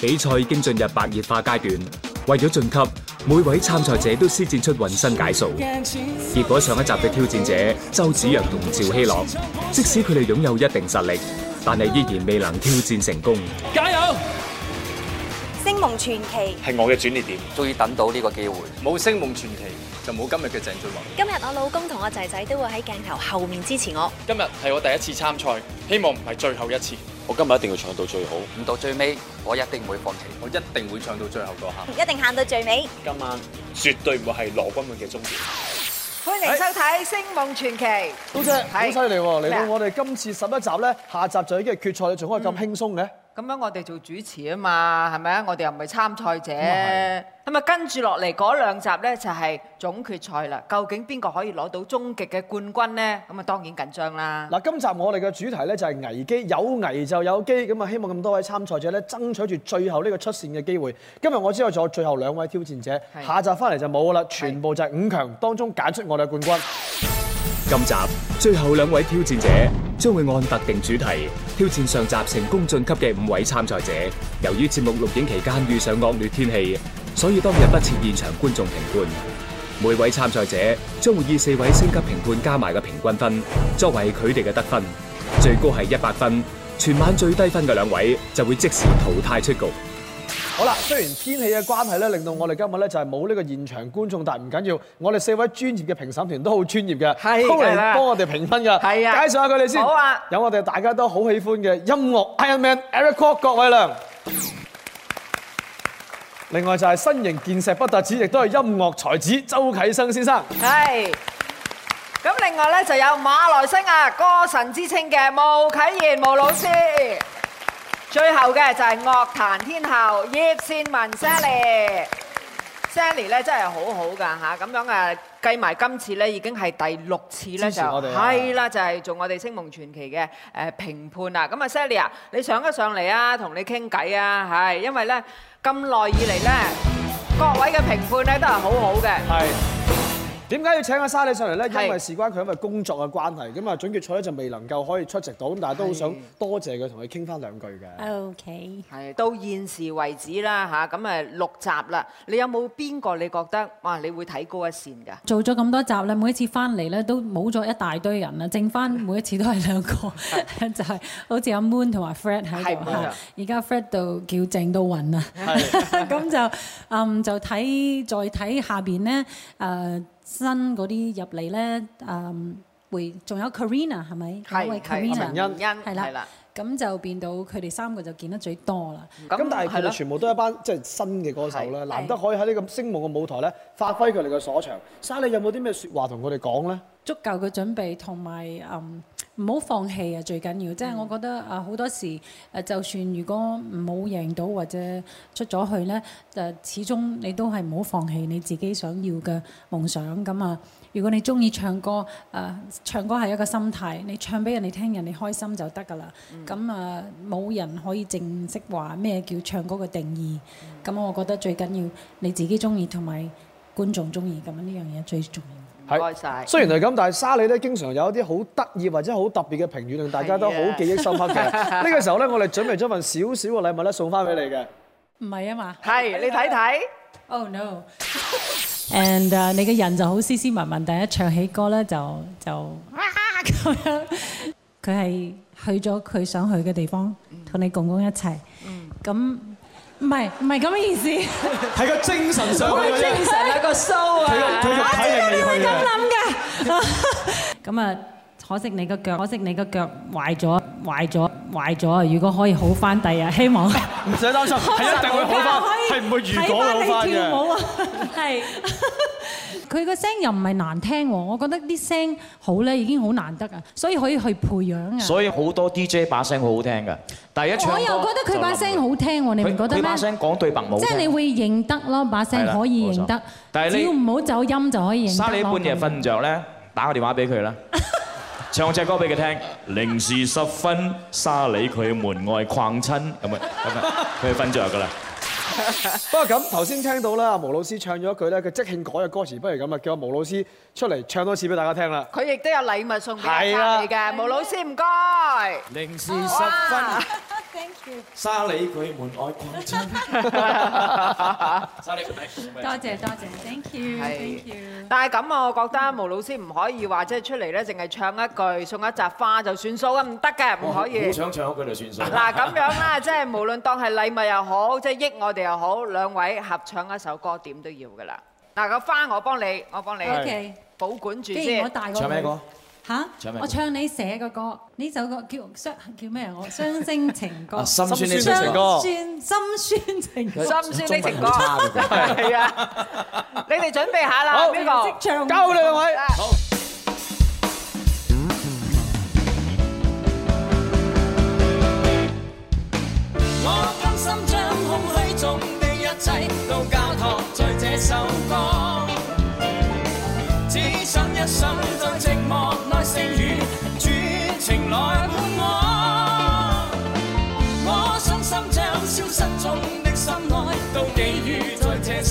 比賽已經進入白熱化階段，為咗晉級，每位參賽者都施展出渾身解數。結果上一集嘅挑戰者周子陽同趙希樂，即使佢哋擁有一定實力，但係依然未能挑戰成功。加油！星夢傳奇係我嘅轉捩點，終於等到呢個機會。冇星夢傳奇，就冇今日嘅鄭俊弘。今日我老公同我仔仔都會喺鏡頭後面支持我。今日係我第一次參賽，希望唔係最後一次。我今日一定要唱到最好，唔到最尾，我一定唔會放棄，我一定會唱到最後嗰下，一定行到最尾。今晚絕對唔會係羅鈞滿嘅終點。歡迎收睇《星夢傳奇》好。好犀利，嚟到我哋今次十一集咧，下集就已經係決賽，你仲可以咁輕鬆嘅？嗯咁樣我哋做主持啊嘛，係咪啊？我哋又唔係參賽者。咁、嗯、啊，跟住落嚟嗰兩集呢，就係、是、總決賽啦。究竟邊個可以攞到終極嘅冠軍呢？咁啊，當然緊張啦。嗱，今集我哋嘅主題呢，就係危機，有危就有機。咁啊，希望咁多位參賽者呢，爭取住最後呢個出線嘅機會。今日我知道仲有最後兩位挑戰者，下集翻嚟就冇啦。全部就係五強當中揀出我哋嘅冠軍。今集最後兩位挑戰者將會按特定主題挑戰上集成功晉級嘅五位參賽者。由於節目錄影期間遇上惡劣天氣，所以當日不設現場觀眾評判。每位參賽者將會以四位星級評判加埋嘅平均分作為佢哋嘅得分，最高係一百分。全晚最低分嘅兩位就會即時淘汰出局。好啦，雖然天氣嘅關係呢，令到我哋今日呢就係冇呢個現場觀眾。但係唔緊要，我哋四位專業嘅評審團都好專業嘅，係，都嚟幫我哋評分嘅。係啊。介紹下佢哋先。好啊。有我哋大家都好喜歡嘅音樂 Ironman Eric Kwok 郭偉亮。 另外就係身型健碩不特止，亦都係音樂才子周啟生先生。係。另外就是身形建石不止咁另外呢就有馬來西亞歌神之稱嘅巫啟賢巫老師。 最後嘅就係樂壇天后葉蒨文 Sally，Sally 咧真係好好㗎吓，咁樣誒計埋今次咧已經係第六次咧就係啦，就係、是、做我哋星夢傳奇嘅誒評判啦。咁啊 Sally 啊，你上一上嚟啊，同你傾偈啊，係因為咧咁耐以嚟咧各位嘅評判咧都係好好嘅。係。點解要請阿莎莉上嚟咧？因為事關佢因為工作嘅關係，咁啊準決賽咧就未能夠可以出席到，咁但係都好想多謝佢同佢傾翻兩句嘅。O K，係到現時為止啦吓，咁啊六集啦，你有冇邊個你覺得哇？你會睇高一線㗎？做咗咁多集啦，每一次翻嚟咧都冇咗一大堆人啦，剩翻每一次都係兩個， 是就係、是、好似阿 Moon 同埋 Fred 喺度而家 Fred 度叫正到暈啊，咁 是 就、嗯、就睇再睇下邊呢。誒、呃。新嗰啲入嚟咧，誒會仲有 Karina 係咪？因為 Karina 啦，咁就變到佢哋三個就見得最多啦。咁但係佢哋全部都係一班即係新嘅歌手啦，難得可以喺呢個星夢嘅舞台咧發揮佢哋嘅所長。Sally 有冇啲咩説話同佢哋講咧？足夠嘅準備同埋誒。唔好放棄啊！最緊要，即係我覺得啊，好多時誒，就算如果冇贏到或者出咗去呢，就始終你都係唔好放棄你自己想要嘅夢想咁啊。如果你中意唱歌，誒，唱歌係一個心態，你唱俾人哋聽，人哋開心就得㗎啦。咁啊，冇人可以正式話咩叫唱歌嘅定義。咁，嗯，我覺得最緊要你自己中意同埋觀眾中意咁樣，呢樣嘢最重要。唔該曬。雖然係咁，但係沙莉咧經常有一啲好得意或者好特別嘅評語，令大家都好記憶深刻嘅。呢個時候咧，我哋準備咗份小小嘅禮物咧，送翻俾你嘅。唔係啊嘛。係，你睇睇。Oh no! And 你嘅人就好斯斯文文，但係一唱起歌咧就就啊咁樣。佢係去咗佢想去嘅地方，同你公公一齊。咁。唔係，唔係咁嘅意思，係個精神上神，一個修啊！點解你會咁諗㗎？咁啊～可惜你個腳，可惜你個腳壞咗，壞咗，壞咗。如果可以好翻，第日希望唔使擔心，係一定會好翻，係唔會如果好翻嘅。係，佢個聲又唔係難聽喎，我覺得啲聲好咧已經好難得啊，所以可以去培養啊。所以好多 DJ 把聲好好聽㗎，第一唱我又覺得佢把聲好聽喎，你唔覺得咩？佢把聲講對白冇問題。即係你會認得咯，把聲可以認得。但係你只要唔好走音就可以認得。嘥你半夜瞓唔著咧，打個電話俾佢啦。唱隻歌俾佢聽，零時十分，沙裏佢門外逛親，咁啊，咁啊，佢瞓著噶啦。不過咁頭先聽到啦，阿巫老師唱咗一句咧，佢即興改嘅歌詞，不如咁啊，叫阿巫老師出嚟唱多次俾大家聽啦。佢亦都有禮物送俾佢嘅，巫老師唔該。零時十分。沙裏舉門愛半寸，沙裏舉。多謝多謝，thank you，thank you。但係咁我覺得，巫老師唔可以話即係出嚟咧，淨係唱一句送一紮花就算數嘅，唔得嘅，唔可以。好想唱嗰句就算數。嗱咁樣啦，即係無論當係禮物又好，即係益我哋又好，兩位合唱一首歌點都要㗎啦。嗱個花我幫你，我幫你保管住先。唱咩歌？嚇、啊！我唱你寫嘅歌，呢首歌叫叫咩？我傷心情歌，心酸歌酸。心酸情歌。心酸情歌。心酸的情歌。係 是啊！ 你哋準備下啦，呢個交你兩位。好。這個、我甘、嗯、心將空虛中的一切都交託在這首歌，只想一生再寂寞。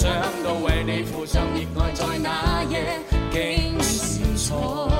想到為你負上熱愛，在那夜竟是錯。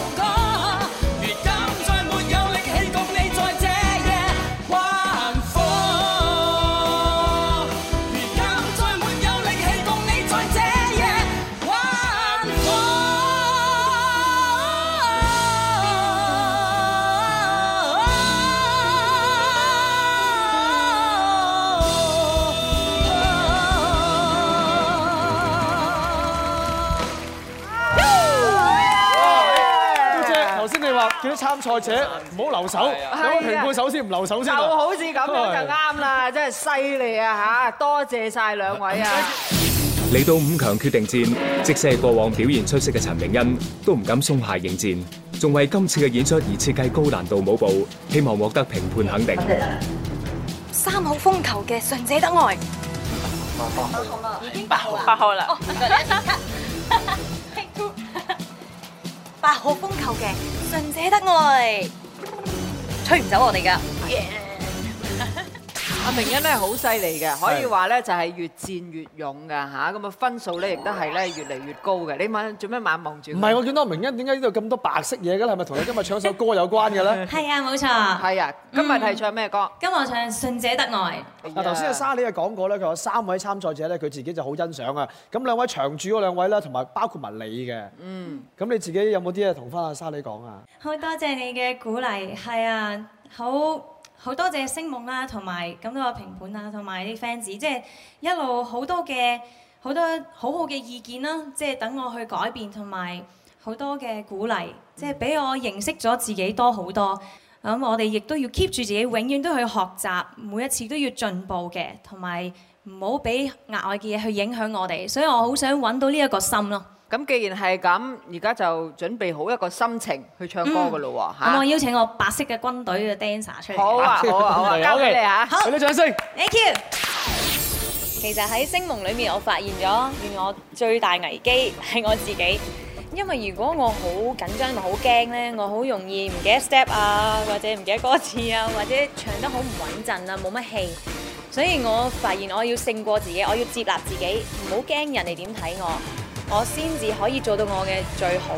參賽者唔好留手，等評判首先唔留手先。就好似咁樣就啱啦，真係犀利啊嚇！多謝曬兩位啊！嚟到五強決定戰，即使係過往表現出色嘅陳明恩，都唔敢鬆懈迎戰，仲為今次嘅演出而設計高難度舞步，希望獲得評判肯定。三號風球嘅順者得愛，八號啦，已經八號八號啦。八號風球嘅，順者得愛，吹唔走我哋㗎。Yeah. 阿明恩咧好犀利嘅，可以話咧就係越戰越勇噶吓，咁啊分數咧亦都係咧越嚟越高嘅。你做咩猛望住？唔係，我見到阿明恩，點解呢度咁多白色嘢噶？係咪同你今日唱首歌有關嘅咧？係啊，冇錯。係啊，今日係唱咩歌？今日唱《信者得愛》。啊，頭先阿沙莉啊講過咧，佢話三位參賽者咧，佢自己就好欣賞啊。咁兩位常駐嗰兩位咧，同埋包括埋你嘅。嗯。咁你自己有冇啲嘢同翻阿沙莉講啊？好多謝你嘅鼓勵，係啊，好。好多謝星夢啦，同埋咁多個評判啦，同埋啲 fans，即係一路好多嘅好多好好嘅意見啦，即係等我去改變，同埋好多嘅鼓勵，即係俾我認識咗自己多好多。咁我哋亦都要 keep 住自己，永遠都去學習，每一次都要進步嘅，同埋唔好俾額外嘅嘢去影響我哋。所以我好想揾到呢一個心咯。咁既然係咁，而家就準備好一個心情去唱歌噶咯喎嚇！咁我邀請我白色嘅軍隊嘅 dancer 出嚟啊！好啊好啊，交俾你嚇，大家掌聲！Thank you。其實喺聲夢裏面，我發現咗，令我最大危機係我自己。因為如果我好緊張同好驚咧，我好容易唔記得 step 啊，或者唔記得歌詞啊，或者唱得好唔穩陣啊，冇乜氣。所以我發現我要勝過自己，我要接納自己，唔好驚人哋點睇我。我先至可以做到我嘅最好。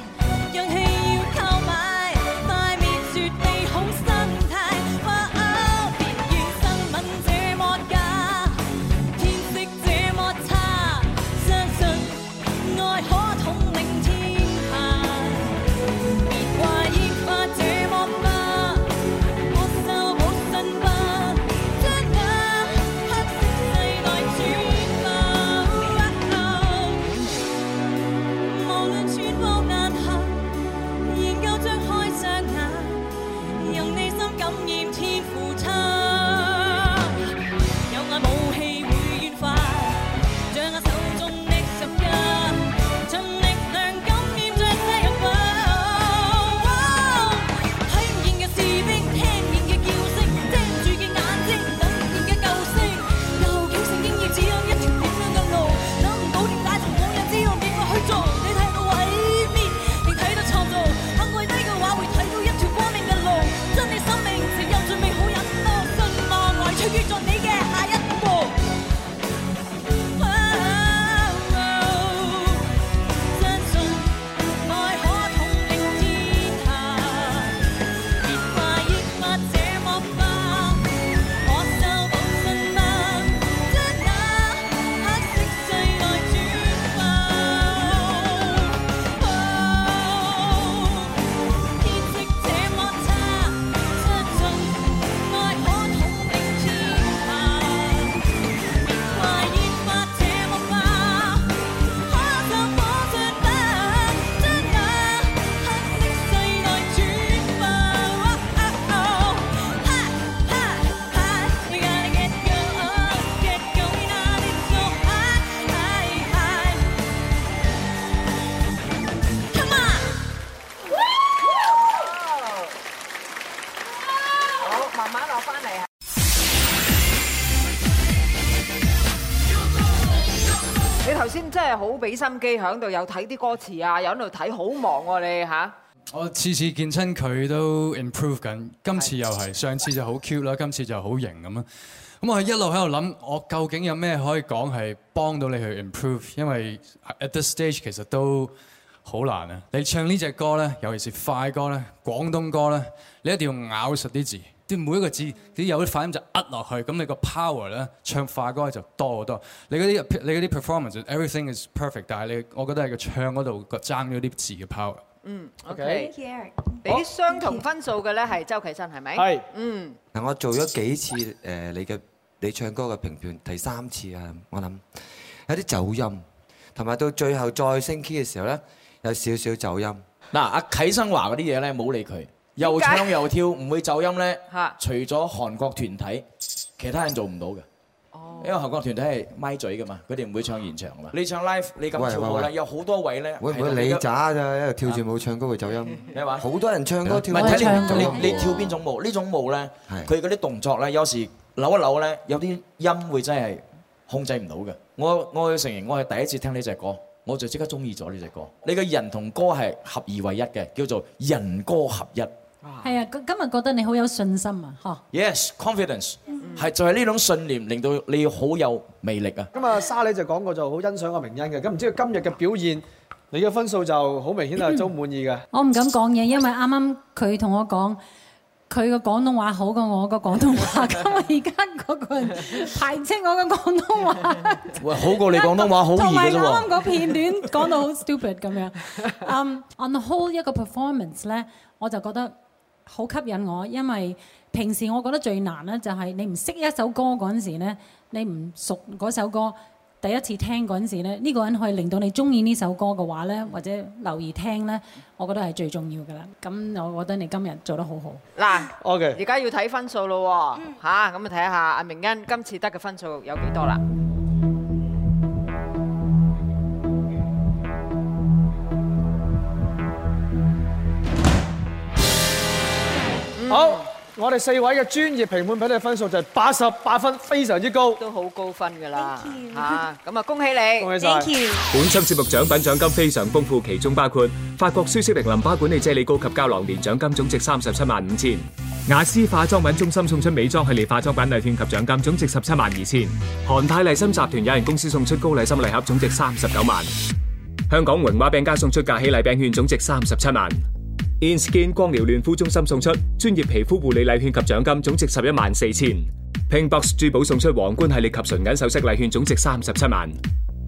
俾心機喺度，又睇啲歌詞啊，又喺度睇，好忙啊你嚇！我次次見親佢都 improve 緊，今次又係，上次就好 cute 啦，今次就好型咁啦。咁我係一路喺度諗，我究竟有咩可以講係幫到你去 improve？因為 at this stage 其實都好難啊。你唱呢隻歌咧，尤其是快歌咧、廣東歌咧，你一定要咬實啲字。即每一個字，啲有啲發音就壓落去的，咁你個 power 咧，唱快歌就多好多你的。你嗰啲你啲 performance，everything is perfect，但係你，我覺得係個唱嗰度爭咗啲字嘅 power。嗯，OK，畀相同分數嘅咧係周啟生，係咪？係。嗯。嗱，我做咗幾次誒，你嘅你唱歌嘅評判，第三次啊，我諗有啲走音，同埋到最後再升 key 嘅時候咧，有少少走音。嗱，阿啟生話嗰啲嘢咧，冇理佢。又唱又跳唔會走音咧，除咗韓國團體，其他人做唔到嘅。哦，因為韓國團體係咪嘴嘅嘛，佢哋唔會唱現場嘅嘛。你唱 live，你咁跳舞，有好多位咧。喂喂喂，會唔會你渣咋？因為跳住舞唱歌會走音。你話？好多人唱歌跳舞。唔係睇你你你跳邊種舞？呢種舞咧，佢嗰啲動作咧，有時扭一扭咧，有啲音會真係控制唔到嘅。我我要承認，我係第一次聽呢隻歌，我就即刻鍾意咗呢隻歌。你嘅人同歌係合二為一嘅，叫做人歌合一。係啊，今日覺得你好有信心啊，嗬！Yes, confidence，係、mm-hmm. 就係、是、呢種信念令到你好有魅力啊。咁啊，莎莉就講過就好欣賞個明恩嘅，咁唔知今日嘅表現，你嘅分數就好明顯係都滿意嘅。我唔敢講嘢，因為啱啱佢同我講，佢嘅廣東話,廣東話好過 我嘅廣東話，咁我而家嗰句排清我嘅廣東話。喂，好過你廣東話好易嘅啫喎。同啱啱嗰片段講到好 stupid 咁樣。on the whole 一個 performance 咧，我就覺得。好吸引我，因為平時我覺得最難呢就係你唔識一首歌嗰陣時咧，你唔熟嗰首歌，第一次聽嗰陣時咧，呢個人可以令到你中意呢首歌嘅話呢，或者留意聽呢，我覺得係最重要噶啦。咁我覺得你今日做得好好。嗱，OK，而家要睇分數咯喎，嚇。咁啊睇下阿明恩今次得嘅分數有幾多啦？好，我哋四位嘅專業評判俾你嘅分數就係八十八分，非常之高，都好高分㗎啦嚇。咁啊，恭喜你！恭喜曬。本集節目獎品獎金非常豐富，其中包括法國舒適靈淋巴管理啫喱高級膠囊，年獎金總值三十七萬五千；雅詩化妝品中心送出美妝系列化妝品禮券及獎金總值十七萬二千；韓泰麗心集團有限公司送出高麗心禮盒總值三十九萬；香港榮華餅家送出假期禮餅券總值三十七萬。Inskin 光療嫩膚中心送出專業皮膚護理禮券及獎金，總值十一萬四千。Pinbox 珠寶送出皇冠系列及純銀首飾禮券，總值三十七萬。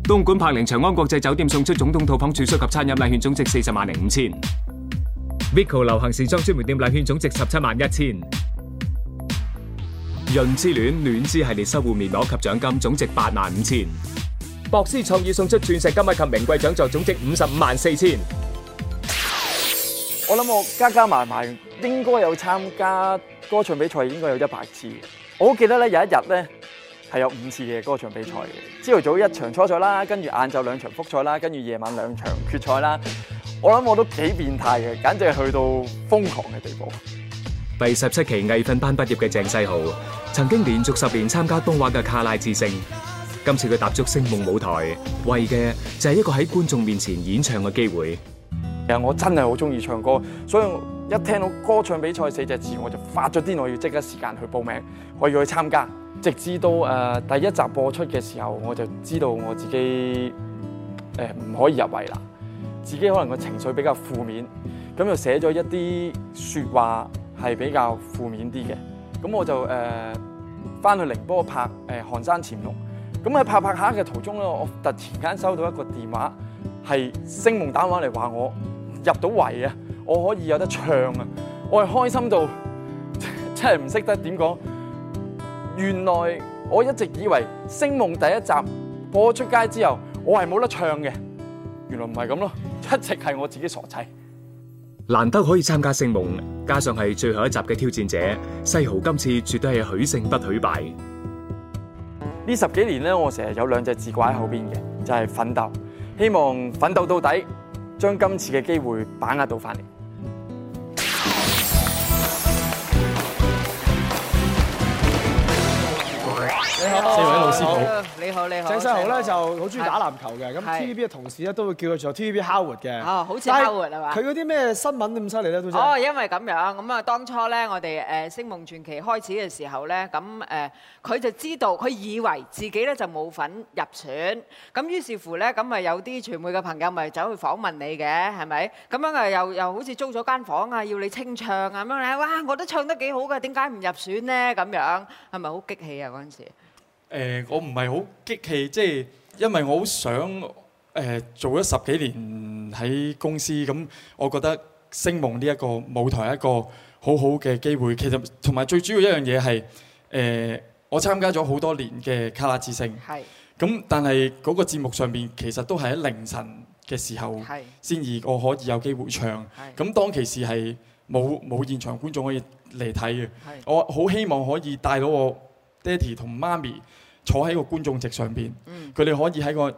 東莞柏寧長安國際酒店送出總統套房住宿及餐飲禮券，總值四十萬零五千。Vico 流行時裝專門店禮券總值十七萬一千。潤之戀暖之系列修護面膜及獎金，總值八萬五千。博思創意送出鑽石金幣及名貴獎座，總值五十五萬四千。我諗我加加埋埋應該有參加歌唱比賽，應該有，有一百次。我好記得咧，有一日咧係有五次嘅歌唱比賽嘅。朝頭早一場初賽啦，跟住晏晝兩場複賽啦，跟住夜晚兩場決賽啦。我諗我都幾變態嘅，簡直係去到瘋狂嘅地步。第十七期藝訓班畢業嘅鄭世豪，曾經連續十年參加東畫嘅卡拉之星，今次佢踏足星夢舞台，為嘅就係一個喺觀眾面前演唱嘅機會。其實我真係好中意唱歌，所以一聽到歌唱比賽四隻字，我就發咗啲我要即刻時間去報名，我要去參加。直至到、呃、第一集播出嘅時候，我就知道我自己誒唔、呃、可以入圍啦。自己可能個情緒比較負面，咁就寫咗一啲說話係比較負面啲嘅。咁我就誒翻去寧波拍誒《寒、呃、山潛龍》。咁喺拍拍下嘅途中咧，我突然間收到一個電話。係星夢打話嚟話我入到圍啊！我可以有得唱啊！我係開心到真係唔識得點講。原來我一直以為星夢第一集播出街之後，我係冇得唱嘅。原來唔係咁咯，一直係我自己傻仔。難得可以參加星夢，加上係最後一集嘅挑戰者，世豪今次絕對係許勝不許敗。呢十幾年咧，我成日有兩隻字掛喺後邊嘅，就係奮鬥。希望奮鬥到底，將今次嘅機會把握到返嚟。四位老師好。你好，你好。鄭世豪咧就好中意打籃球嘅，咁 TVB 嘅同事咧都會叫佢做 TVB Howard 嘅。哦，好似 Howard，係嘛？佢嗰啲咩新聞咁犀利咧？都真。哦，因為咁樣啊，咁啊，當初咧，我哋誒《星夢傳奇》開始嘅時候咧，咁誒，佢就知道，佢以為自己咧就冇份入選。咁於是乎咧，咁咪有啲傳媒嘅朋友咪走去訪問你嘅，係咪？咁樣啊，又又好似租咗間房啊，要你清唱啊，咁樣咧。哇，我都唱得幾好㗎，點解唔入選咧？咁樣係咪好激氣啊？嗰陣時。誒，我唔係好激氣，即係因為我好想誒、呃、做咗十幾年喺公司，咁我覺得星夢呢一個舞台一個好好嘅機會。其實同埋最主要一樣嘢係誒，我參加咗好多年嘅卡拉之星，係咁，但係嗰個節目上邊其實都係喺凌晨嘅時候先而我可以有機會唱。咁當其時係冇冇現場觀眾可以嚟睇嘅，我好希望可以帶到我爹哋同媽咪。坐喺個觀眾席上邊，佢哋可以喺個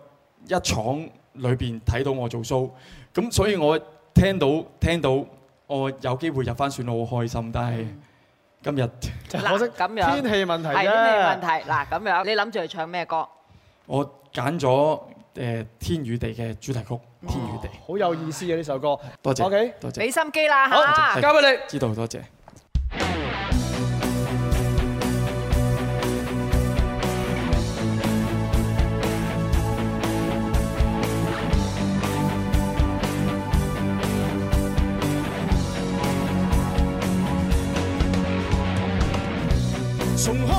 一廠裏邊睇到我做 show，咁所以我聽到聽到我有機會入翻算我好開心，但係今日可惜天氣問題啦。天氣問題，嗱，咁樣你諗住去唱咩歌？我揀咗誒《天與地》嘅主題曲《天與地》，好有意思嘅呢首歌，多謝。OK，多謝俾心機啦嚇，交俾你。知道，多謝。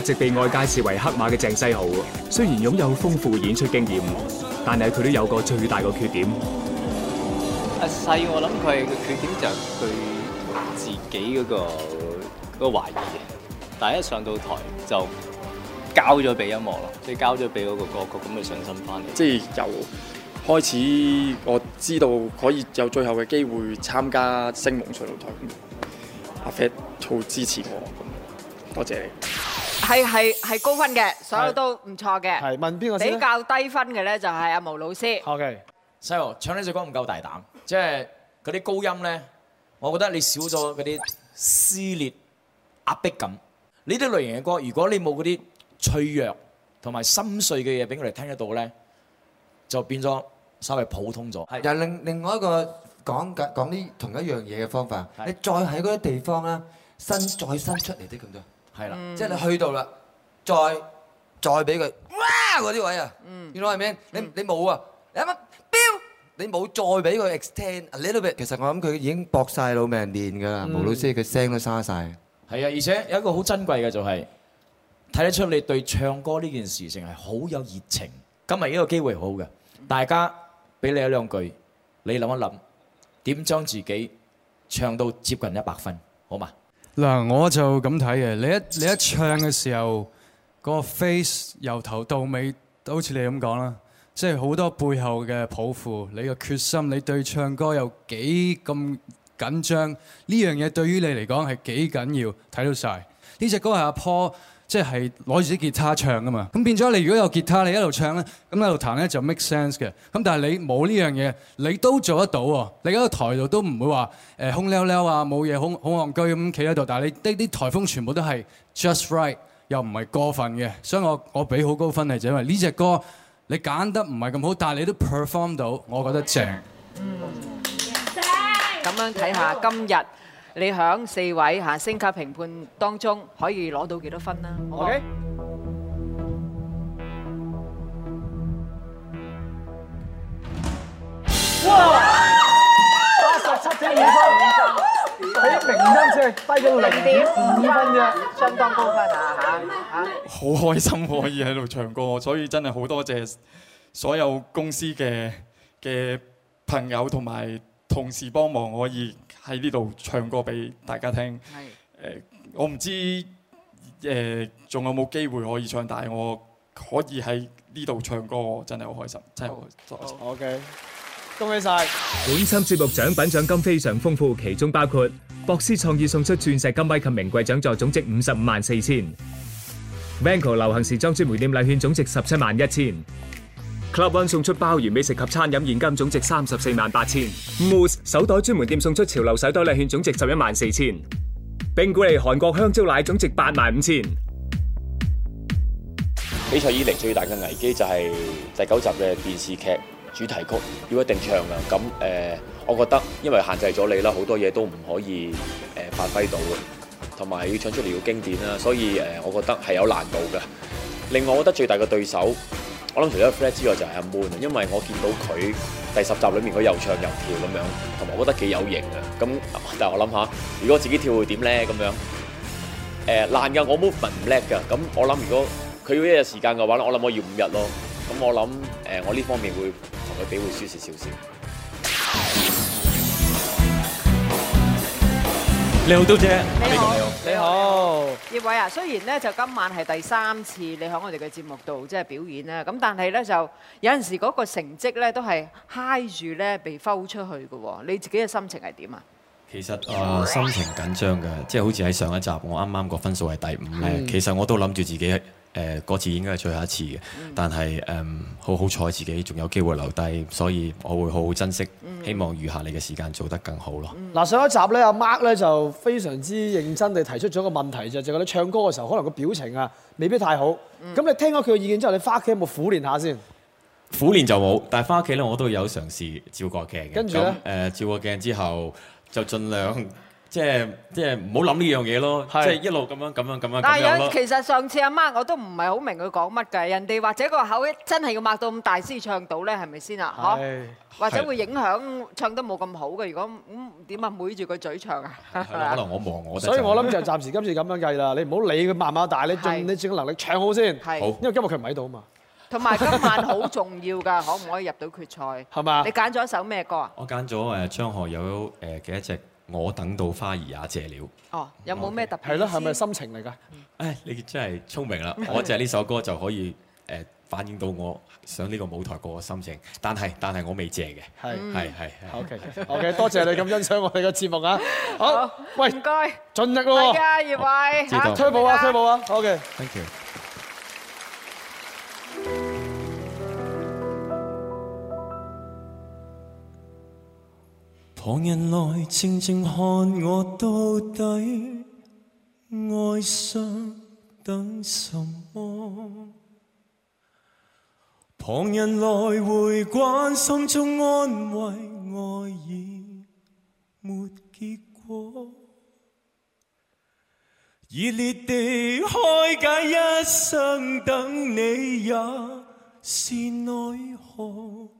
一直被外界視為黑馬嘅鄭世豪，雖然擁有豐富演出經驗，但係佢都有個最大嘅缺點。阿、啊、世，我諗佢係個缺點就係佢自己嗰、那個、那個懷疑嘅。但係一上到台就交咗俾音樂咯，即係交咗俾嗰個歌曲咁嘅信心翻嚟。即、就、係、是、由開始我知道可以有最後嘅機會參加星夢水舞台。阿 Fit 好支持我，多謝你。係係係高分嘅，所有都唔錯嘅。係問邊個先？比較低分嘅咧就係阿毛老師。O K，細路唱呢隻歌唔夠大膽，即係嗰啲高音咧，我覺得你少咗嗰啲撕裂、壓迫感。呢啲類型嘅歌，如果你冇嗰啲脆弱同埋心碎嘅嘢俾我哋聽得到咧，就變咗稍微普通咗。又另另外一個講嘅講啲同一樣嘢嘅方法，你再喺嗰啲地方啦，伸再伸出嚟啲咁多。係啦，即係你去到啦，再再俾佢哇嗰啲位啊，原來係咩？你你冇啊，阿媽彪，你冇再俾佢 extend，little bit。其實我諗佢已經搏晒老命練噶啦，巫老師佢聲都沙晒。係啊，而且有一個好珍貴嘅就係，睇得出你對唱歌呢件事情係好有熱情。今日呢個機會好嘅，大家俾你一兩句，你諗一諗，點將自己唱到接近一百分，好嘛？嗱，我就咁睇嘅。你一你一唱嘅時候，個 face 由頭到尾都好似你咁講啦，即係好多背後嘅抱負，你嘅決心，你對唱歌有幾咁緊張？呢樣嘢對於你嚟講係幾緊要？睇到晒，呢隻歌係阿 Paul。即係攞住啲吉他唱㗎嘛，咁變咗你如果有吉他，你一路唱咧，咁一路彈咧就 make sense 嘅。咁但係你冇呢樣嘢，你都做得到喎。你喺個台度都唔會話誒空溜溜啊，冇嘢空空憨居咁企喺度。但係你啲啲台風全部都係 just right，又唔係過分嘅。所以我我俾好高分，就因為呢隻歌你揀得唔係咁好，但係你都 perform 到，我覺得正。嗯，正。咁樣睇下今日。你響四位嚇星級評判當中，可以攞到幾多分呢？哇！八十七點五分，比明星聲低咗零點五分啫，相當高分啊！嚇嚇，好開心可以喺度唱歌，所以真係好多謝所有公司嘅嘅朋友同埋同事幫忙，可以，喺呢度唱歌俾大家聽。誒，我唔知誒仲有冇機會可以唱，但係我可以喺呢度唱歌，真係好開心，真係好開心。OK，恭喜晒！本輯節目獎品獎金非常豐富，其中包括博思創意送出鑽石金麥及名貴獎座，總值五十五萬四千；Vanco 流行時裝專門店禮券總值十七萬一千。Club One 送出鮑魚美食及餐飲現金總值三十四萬八千，Muse o 手袋專門店送出潮流手袋禮券總值十一萬四千，並鼓勵韓國香蕉奶總值八萬五千。比賽以嚟最大嘅危機就係第九集嘅電視劇主題曲要一定唱嘅，咁誒、呃，我覺得因為限制咗你啦，好多嘢都唔可以誒發揮到嘅，同埋要唱出嚟要經典啦，所以誒，我覺得係有難度嘅。另外，我覺得最大嘅對手。我諗除咗個 Fred 之外就係阿 moon 因為我見到佢第十集裏面佢又唱又跳咁樣，同埋我覺得幾有型啊，咁但係我諗下如果自己跳會點咧咁樣，誒爛噶我 move 唔叻噶，咁我諗如果佢要一日時間嘅話咧，我諗我要五日咯，咁我諗誒、呃、我呢方面會同佢比會輸蝕少少。你好，多謝。你好，你好。葉暐啊，雖然咧就今晚係第三次你喺我哋嘅節目度即係表演咧，咁但係咧就有陣時嗰個成績咧都係嗨住咧被剖出去嘅。你自己嘅心情係點啊？其實啊，心情緊張嘅，即係好似喺上一集我啱啱個分數係第五，其實我都諗住自己。誒嗰次應該係最後一次嘅，但係誒好好彩自己仲有機會留低，所以我會好好珍惜，希望餘下你嘅時間做得更好咯。嗱，上一集咧，阿 Mark 咧就非常之認真地提出咗個問題，就係就係你唱歌嘅時候，可能個表情啊，未必太好。咁、嗯、你聽咗佢嘅意見之後，你翻屋企有冇苦練下先？苦練就冇，但係翻屋企咧，我都有嘗試照過鏡嘅。跟住誒照過鏡之後就盡量。即係即係唔好諗呢樣嘢咯，即係一路咁樣咁樣咁樣咁樣咯。但係有，其實上次阿媽我都唔係好明佢講乜嘅，人哋或者個口真係要擘到咁大先唱到咧，係咪先啊？或者會影響唱得冇咁好嘅。如果咁點啊，妹住個嘴唱啊？可能我望我。所以我諗就暫時今次咁樣計啦，你唔好理佢擘擘大，你盡你自己能力唱好先。因為今日佢唔喺度嘛。同埋今晚好重要㗎，可唔可以入到決賽？係嘛？你揀咗一首咩歌啊？我揀咗誒張學友誒嘅一隻？我等到花兒也謝了。哦，有冇咩特別？係咯，係咪心情嚟㗎？誒、嗯哎，你真係聰明啦！我就係呢首歌就可以誒反映到我上呢個舞台個心情。但係但係我未謝嘅。係係係。O K O K，多謝你咁欣賞我哋嘅節目啊！好，喂，唔該，盡力咯喎！大家，葉偉，推步啊，推步啊！O K，Thank you。旁人來靜靜看我，到底哀傷等什麼？旁人來回關心中安慰，愛已沒結果。熱烈地開解，一生等你也是奈何。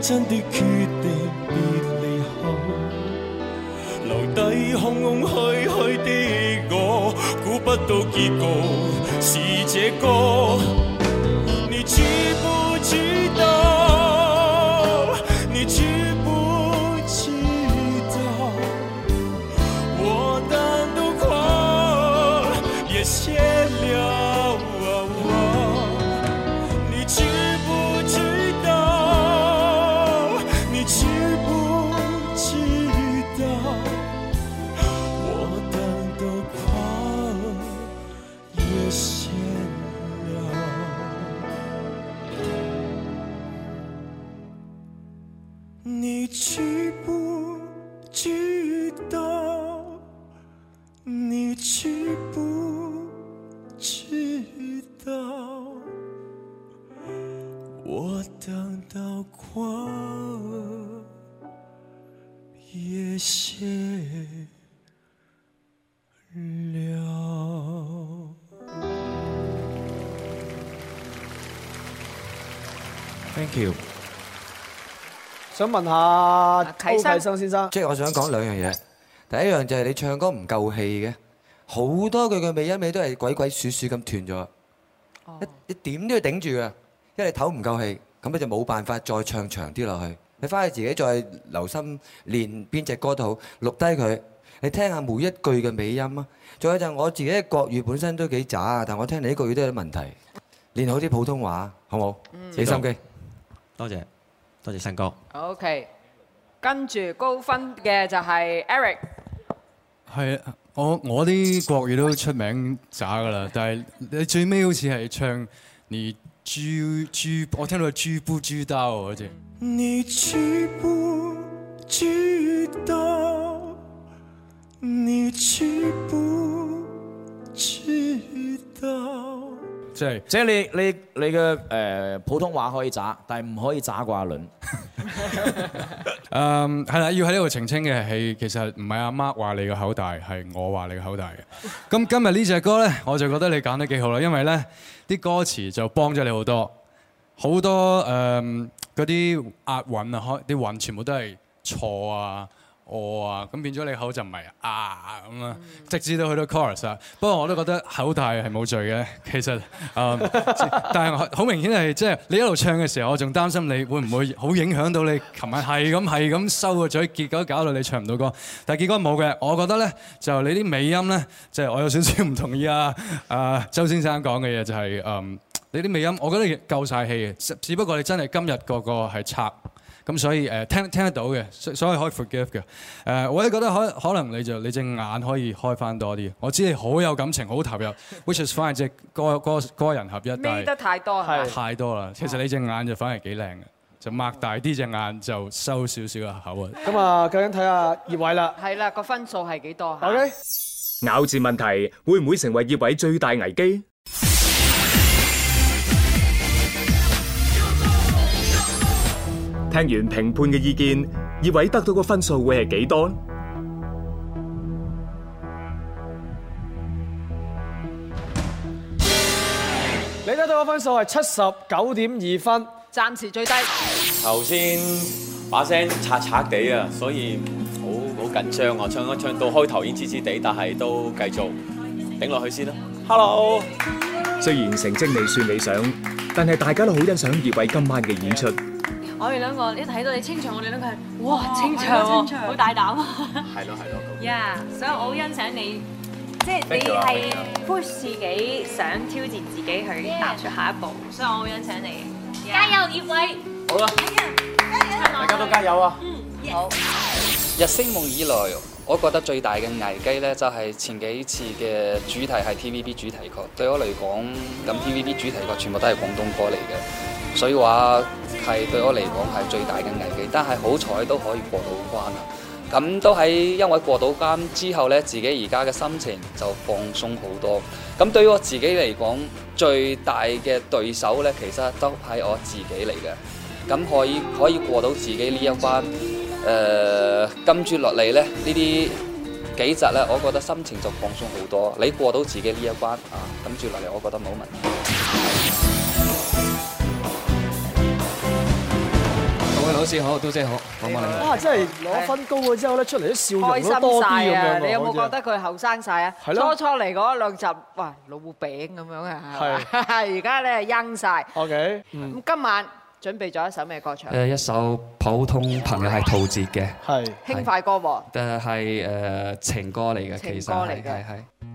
真的決定別離後，留低空空虛虛的我，估不到結局是這個。想問下啟生先生，即係我想講兩樣嘢。第一樣就係你唱歌唔夠氣嘅，好多句嘅尾音尾都係鬼鬼鼠鼠鬼鬼祟祟咁斷咗。你點都要頂住呀，因為唞唔夠氣，咁你就冇辦法再唱長啲落去。你翻去自己再留心練邊隻歌都好，錄低佢，你聽下每一句嘅尾音啊。仲有就我自己國語本身都幾渣，但我聽你啲國語都有啲問題。練好啲普通話，好唔好？嗯。俾心機。多謝。多謝生哥。OK，跟住高分嘅就係 Eric。係啊，我我啲國語都出名渣噶啦，但係你最尾好似係唱你豬豬，我聽到豬不豬兜嗰隻。你知不知道？你知不珠？知即、就、係、是，即係你你你嘅誒普通話可以渣，但係唔可以渣過阿倫。誒係啦，要喺呢度澄清嘅係，其實唔係阿媽話你嘅口大，係我話你嘅口大嘅。咁今日呢隻歌咧，我就覺得你揀得幾好啦，因為咧啲歌詞就幫咗你好多，好多誒嗰啲押韻啊，啲韻全部都係錯啊。哦，啊，咁變咗你口就唔係啊咁啊，直至到去到 chorus 啦。不過我都覺得口大係冇罪嘅。其實、嗯、但係好明顯係即係你一路唱嘅時候，我仲擔心你會唔會好影響到你琴日係咁係咁收個嘴，結果搞到你唱唔到歌。但係結果冇嘅。我覺得咧，就你啲尾音咧，即係我有少少唔同意啊。周先生講嘅嘢就係誒，你啲尾音，我覺得夠晒氣嘅。只不過你真係今日個個係拆。咁所以誒聽聽得到嘅，所所以可以 forgive 嘅。誒，我都覺得可可能你就你隻眼可以開翻多啲。我知你好有感情，好投入，which is 反而隻歌歌歌人合一，但係，係太多啦。其實你隻眼就反而幾靚嘅，就擘大啲隻眼，就收少少嘅口啊。咁啊，究竟睇下葉暐啦，係啦，個分數係幾多？OK，咬字問題會唔會成為葉暐最大危機？聽完評判嘅意見，葉暐得到嘅分數會係幾多？你得到嘅分數係七十九點二分，暫時最低。頭先把聲刷刷地啊，所以好好緊張啊，唱一唱到開頭已經黐黐地，但係都繼續頂落去先啦。Hello，雖然成績未算理想，但係大家都好欣賞葉暐今晚嘅演出。我哋兩個一睇到你清唱，我哋兩個係哇清唱喎，好大膽啊！係咯係咯。呀，yeah, 所以我好欣賞你，即係你係 push 自己，想挑戰自己去踏出下一步，yeah. 所以我欣賞、yeah. 好欣賞你。加油，葉暐！好啊！大家都加油啊！嗯、yeah.，好。日星夢以來，我覺得最大嘅危機咧，就係前幾次嘅主題係 TVB 主題曲。對我嚟講，咁 TVB 主題曲全部都係廣東歌嚟嘅，所以話。係對我嚟講係最大嘅危機，但係好彩都可以過到關啦。咁都喺因為過到關之後呢，自己而家嘅心情就放鬆好多。咁對於我自己嚟講，最大嘅對手呢，其實都係我自己嚟嘅。咁可以可以過到自己呢一關，誒、呃，跟住落嚟呢，呢啲幾集呢，我覺得心情就放鬆好多。你過到自己呢一關啊，跟住落嚟，我覺得冇問題。老師好，杜姐好，好歡迎你。哇！真係攞分高咗之後咧，出嚟都笑開心曬啊！你有冇覺得佢後生曬啊？初初嚟嗰兩集，哇，老餅咁樣啊！係，而家咧欣曬。OK，咁今晚準備咗一首咩歌曲？誒，一首普通朋友係陶喆嘅輕快歌喎。誒係誒情歌嚟嘅，其實係係係。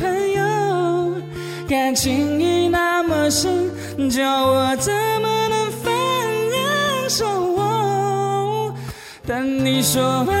情意那麼深，叫我怎麼能放手？哦，但你說。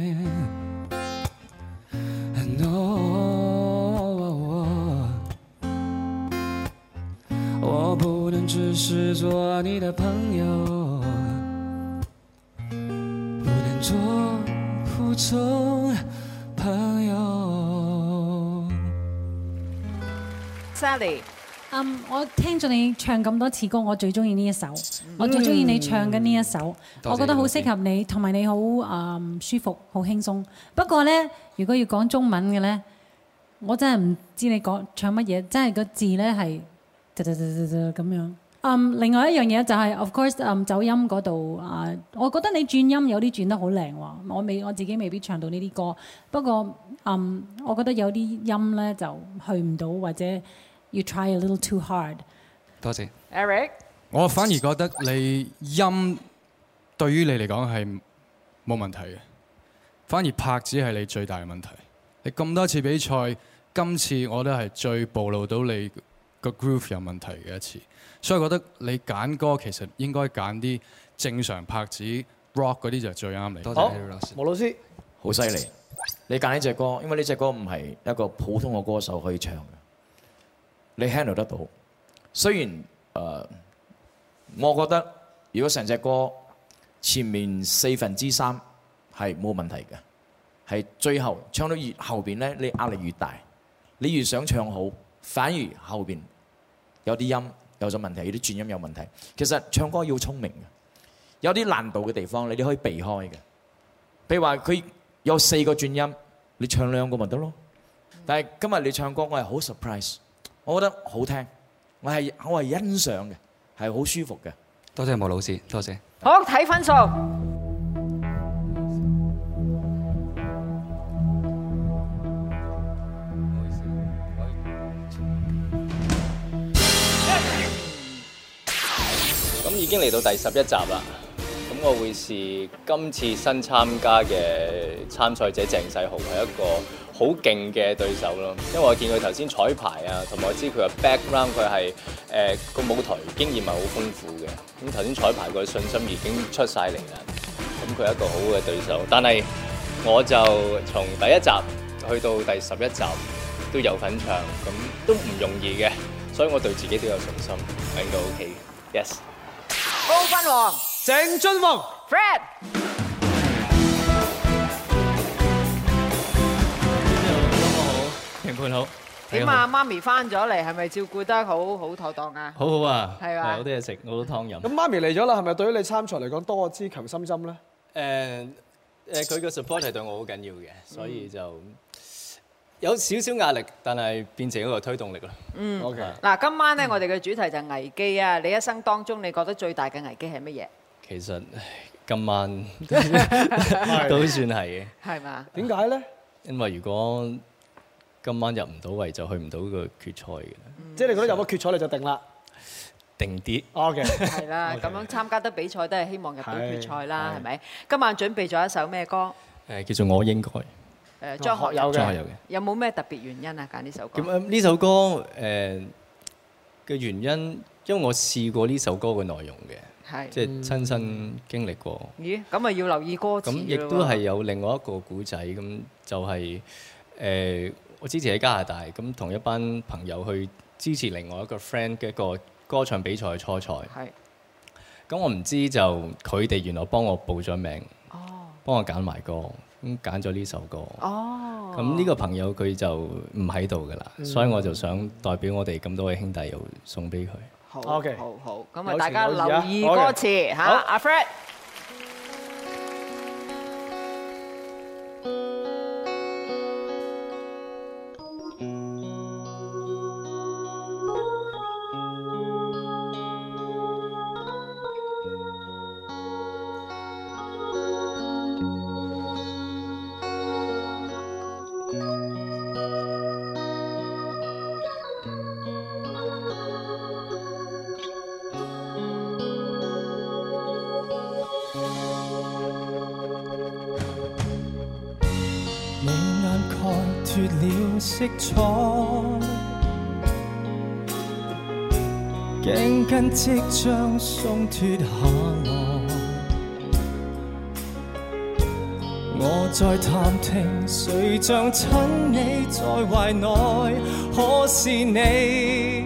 Sally，我聽咗你唱咁多次歌，我最中意呢一首，我最中意你唱嘅呢一首，我覺得好適合你，同埋你好啊舒服，好輕鬆。不過呢，如果要講中文嘅呢，我真係唔知你講唱乜嘢，真係個字呢係咁樣。嗯，另外一樣嘢就係，of course，嗯，走音嗰度啊，我覺得你轉音有啲轉得好靚喎，我未我自己未必唱到呢啲歌，不過嗯，我覺得有啲音咧就去唔到，或者要 try a little too hard。多謝，Eric。我反而覺得你音對於你嚟講係冇問題嘅，反而拍子係你最大嘅問題。你咁多次比賽，今次我都係最暴露到你。個 groove 有問題嘅一次，所以我覺得你揀歌其實應該揀啲正常拍子 rock 嗰啲就最啱你，你。多謝巫老師。好犀利，你揀呢隻歌，因為呢隻歌唔係一個普通嘅歌手可以唱嘅，你 handle 得到。雖然誒、呃，我覺得如果成隻歌前面四分之三係冇問題嘅，係最後唱到越後邊咧，你壓力越大，你越想唱好，反而後邊。有啲音有咗問題，有啲轉音有問題。其實唱歌要聰明嘅，有啲難度嘅地方，你哋可以避開嘅。譬如話佢有四個轉音，你唱兩個咪得咯。但係今日你唱歌，我係好 surprise，我覺得好聽，我係我係欣賞嘅，係好舒服嘅。多謝巫老師，多謝。好，睇分數。已經嚟到第十一集啦，咁我會視今次新參加嘅參賽者鄭世豪係一個好勁嘅對手咯，因為我見佢頭先彩排啊，同埋我知佢嘅 background，佢係誒個舞台經驗係好豐富嘅。咁頭先彩排佢信心已經出晒嚟啦，咁佢係一個好嘅對手。但係我就從第一集去到第十一集都有份唱，咁都唔容易嘅，所以我對自己都有信心，應該 OK 嘅，Yes。高分王，鄭俊弘，Fred。主持人：大家好，評判好。點啊，媽咪翻咗嚟，係咪照顧得好好妥當啊？好好啊，係啊，有啲嘢食，有啲湯飲。咁媽咪嚟咗啦，係咪對於你參賽嚟講多咗支強心針咧？誒誒，佢個 support 係對我好緊要嘅，所以就。有少少壓力，但係變成一個推動力啦。嗯，OK。嗱，今晚咧，我哋嘅主題就係危機啊！你一生當中，你覺得最大嘅危機係乜嘢？其實今晚都算係嘅。係嘛？點解咧？因為如果今晚入唔到位，就去唔到個決賽嘅。即係你覺得有個決賽，你就定啦，定啲。OK。係啦，咁樣參加得比賽都係希望入到決賽啦，係咪？今晚準備咗一首咩歌？誒，叫做我應該。誒，張學友嘅，有冇咩特別原因啊？揀呢首歌？咁、嗯、呢首歌誒嘅、呃、原因，因為我試過呢首歌嘅內容嘅，即係、就是、親身經歷過。嗯、咦？咁啊要留意歌詞。咁亦都係有另外一個古仔，咁就係、是、誒、呃、我之前喺加拿大，咁同一班朋友去支持另外一個 friend 嘅一個歌唱比賽的初賽。係。咁我唔知就佢哋原來幫我報咗名、哦，幫我揀埋歌。咁揀咗呢首歌，咁、哦、呢個朋友佢就唔喺度噶啦，所以我就想代表我哋咁多位兄弟，又送俾佢。好好好，咁啊大家留意歌詞嚇，阿、啊啊、Fred。絕了色彩，頸筋即將鬆脫下來。我在探聽，誰像親你在懷內？可是你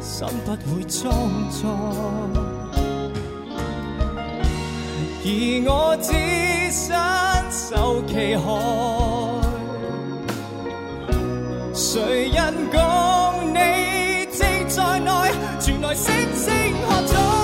心不會裝作，而我只身受其害。誰人共你正在內，傳來聲聲喝彩。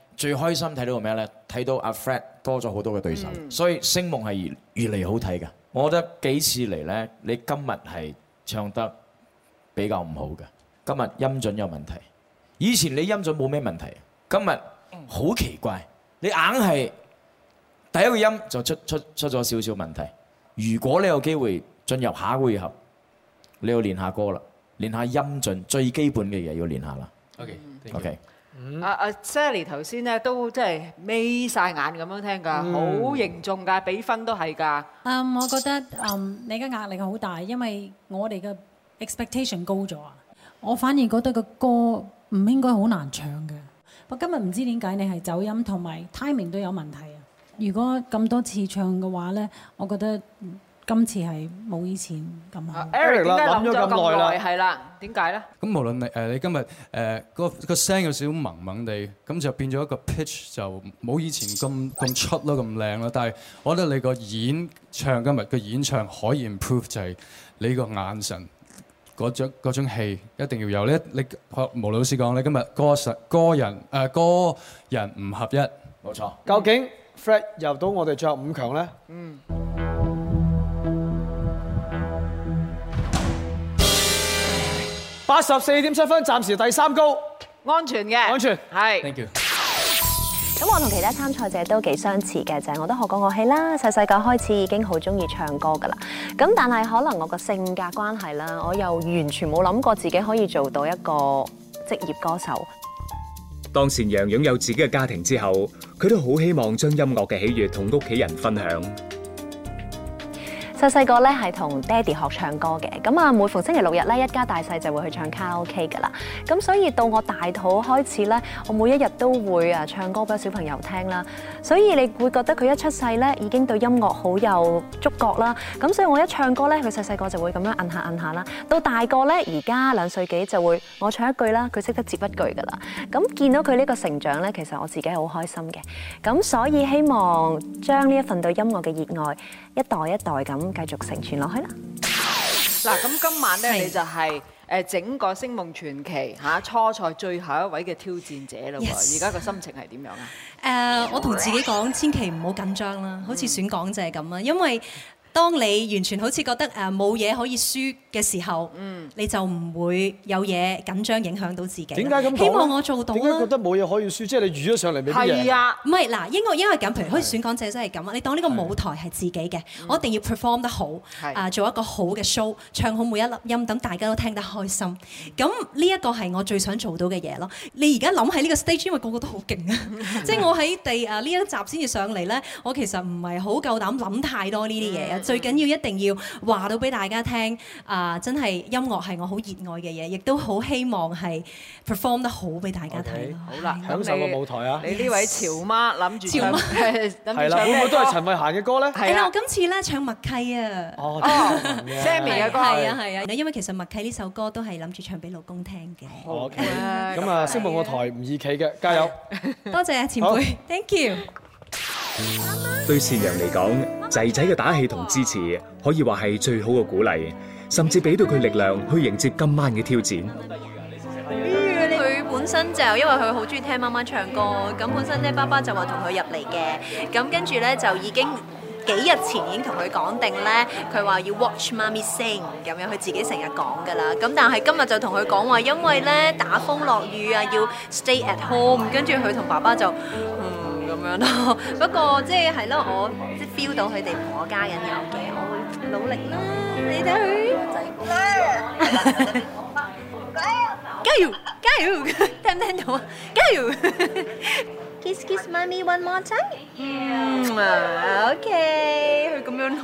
最開心睇到個咩呢？睇到阿 Fred 多咗好多嘅對手，所以聲夢係越嚟越好睇嘅。我覺得幾次嚟呢，你今日係唱得比較唔好嘅。今日音準有問題，以前你音準冇咩問題，今日好奇怪，你硬係第一個音就出出出咗少少問題。如果你有機會進入下一個回合，你要練下歌啦，練下音準最基本嘅嘢要練下啦。OK，OK。嗯、啊啊，Sally 頭先咧都真係眯晒眼咁樣聽㗎，好凝重㗎，俾分都係㗎。啊、嗯，我覺得啊、嗯，你嘅壓力好大，因為我哋嘅 expectation 高咗啊。我反而覺得個歌唔應該好難唱嘅。我今日唔知點解你係走音同埋 timing 都有問題啊。如果咁多次唱嘅話咧，我覺得。今次係冇以前咁好。Eric 啦，諗咗咁耐啦，係啦，點解咧？咁無論你誒，你今日誒、呃嗰個、嗰個聲有少少萌萌地，咁就變咗一個 pitch 就冇以前咁咁出咯，咁靚咯。但係我覺得你個演唱今日嘅演唱可以 improve，就係你個眼神嗰種嗰種氣一定要有咧。你學毛老師講你今日歌實歌人誒、呃、歌人唔合一，冇錯。究竟 Fred 入到我哋最後五強咧？嗯。八十四點七分，暫時第三高，安全嘅，安全，係。Thank you。咁我同其他參賽者都幾相似嘅，就係我都學過樂器啦，細細個開始已經好中意唱歌噶啦。咁但係可能我個性格關係啦，我又完全冇諗過自己可以做到一個職業歌手。當綿羊擁有自己嘅家庭之後，佢都好希望將音樂嘅喜悅同屋企人分享。細細個咧係同爹哋學唱歌嘅，咁啊每逢星期六日咧，一家大細就會去唱卡拉 OK 噶啦，咁所以到我大肚開始咧，我每一日都會啊唱歌俾小朋友聽啦。所以你會覺得佢一出世咧，已經對音樂好有觸覺啦。咁所以我一唱歌咧，佢細細個就會咁樣摁下摁下啦。到大個咧，而家兩歲幾就會我唱一句啦，佢識得接一句噶啦。咁見到佢呢個成長咧，其實我自己好開心嘅。咁所以希望將呢一份對音樂嘅熱愛一代一代咁繼續承傳落去啦。嗱，咁今晚咧你就係。誒，整個星夢傳奇嚇初賽最後一位嘅挑戰者嘞喎，而家個心情係點樣啊？誒，我同自己講千祈唔好緊張啦，好似選港姐咁啊，因為。當你完全好似覺得誒冇嘢可以輸嘅時候，嗯、你就唔會有嘢緊張影響到自己。點解咁講？希望我做到啊。點解覺得冇嘢可以輸？即係你預咗上嚟未？嘢？係啊，唔係嗱，應該因為咁，譬如可以選港姐真係咁啊。你當呢個舞台係自己嘅，我一定要 perform 得好，啊，做一個好嘅 show，唱好每一粒音，等大家都聽得開心。咁呢一個係我最想做到嘅嘢咯。你而家諗喺呢個 stage，因為個個都好勁啊。即係我喺呢一集先至上嚟咧，我其實唔係好夠膽諗太多呢啲嘢。最緊要一定要話到俾大家聽啊！真係音樂係我好熱愛嘅嘢，亦都好希望係 perform 得好俾大家睇。好啦，享受個舞台啊！你呢位潮媽諗住潮媽係啦， 會唔會都係陳慧嫻嘅歌咧？係啊，我今次咧唱默契、啊《唱默契、啊哦》啊。哦，Sammy 嘅歌係啊係啊，因為其實《默契》呢首歌都係諗住唱俾老公聽嘅。好嘅，咁啊，先望個台唔易企嘅，加油！多謝前輩，Thank you。對倩揚嚟講，仔仔嘅打氣同支持，可以話係最好嘅鼓勵，甚至俾到佢力量去迎接今晚嘅挑戰。佢本身就因為佢好中意聽媽媽唱歌，咁本身呢爸爸就話同佢入嚟嘅，咁跟住呢就已經幾日前已經同佢講定呢，佢話要 watch mommy sing 咁樣，佢自己成日講噶啦。咁但係今日就同佢講話，因為呢打風落雨啊，要 stay at home，跟住佢同爸爸就。咯，不過即係咯，我即係 feel 到佢哋同我家人有嘅，我會努力啦！你睇佢，加油！加油！聽唔聽到？加油！Kiss kiss mommy one more time。嗯啊，OK，佢咁樣咯。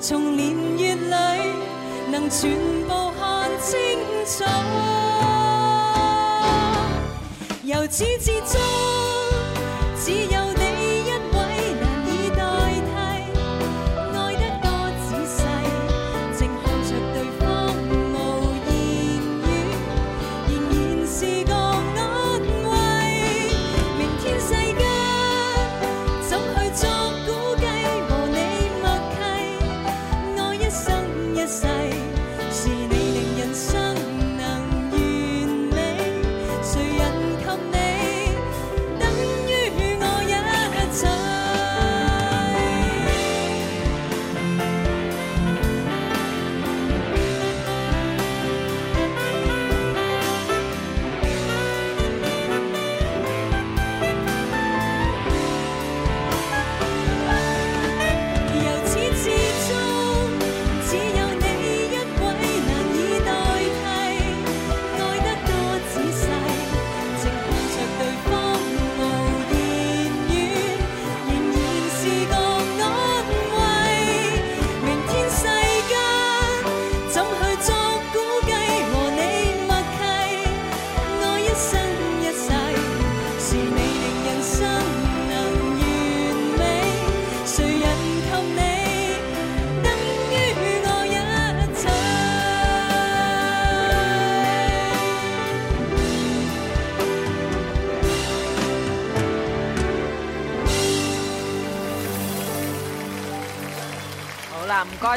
從年月裏，能全部看清楚。由始至終，只有。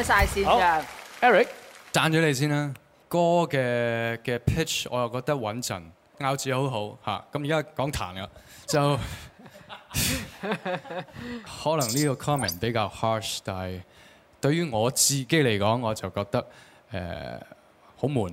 晒線 Eric 贊咗你先啦。歌嘅嘅 pitch 我又覺得穩陣，咬字好好嚇。咁而家講彈㗎，就可能呢個 comment 比較 harsh，但係對於我自己嚟講，我就覺得誒好、呃、悶。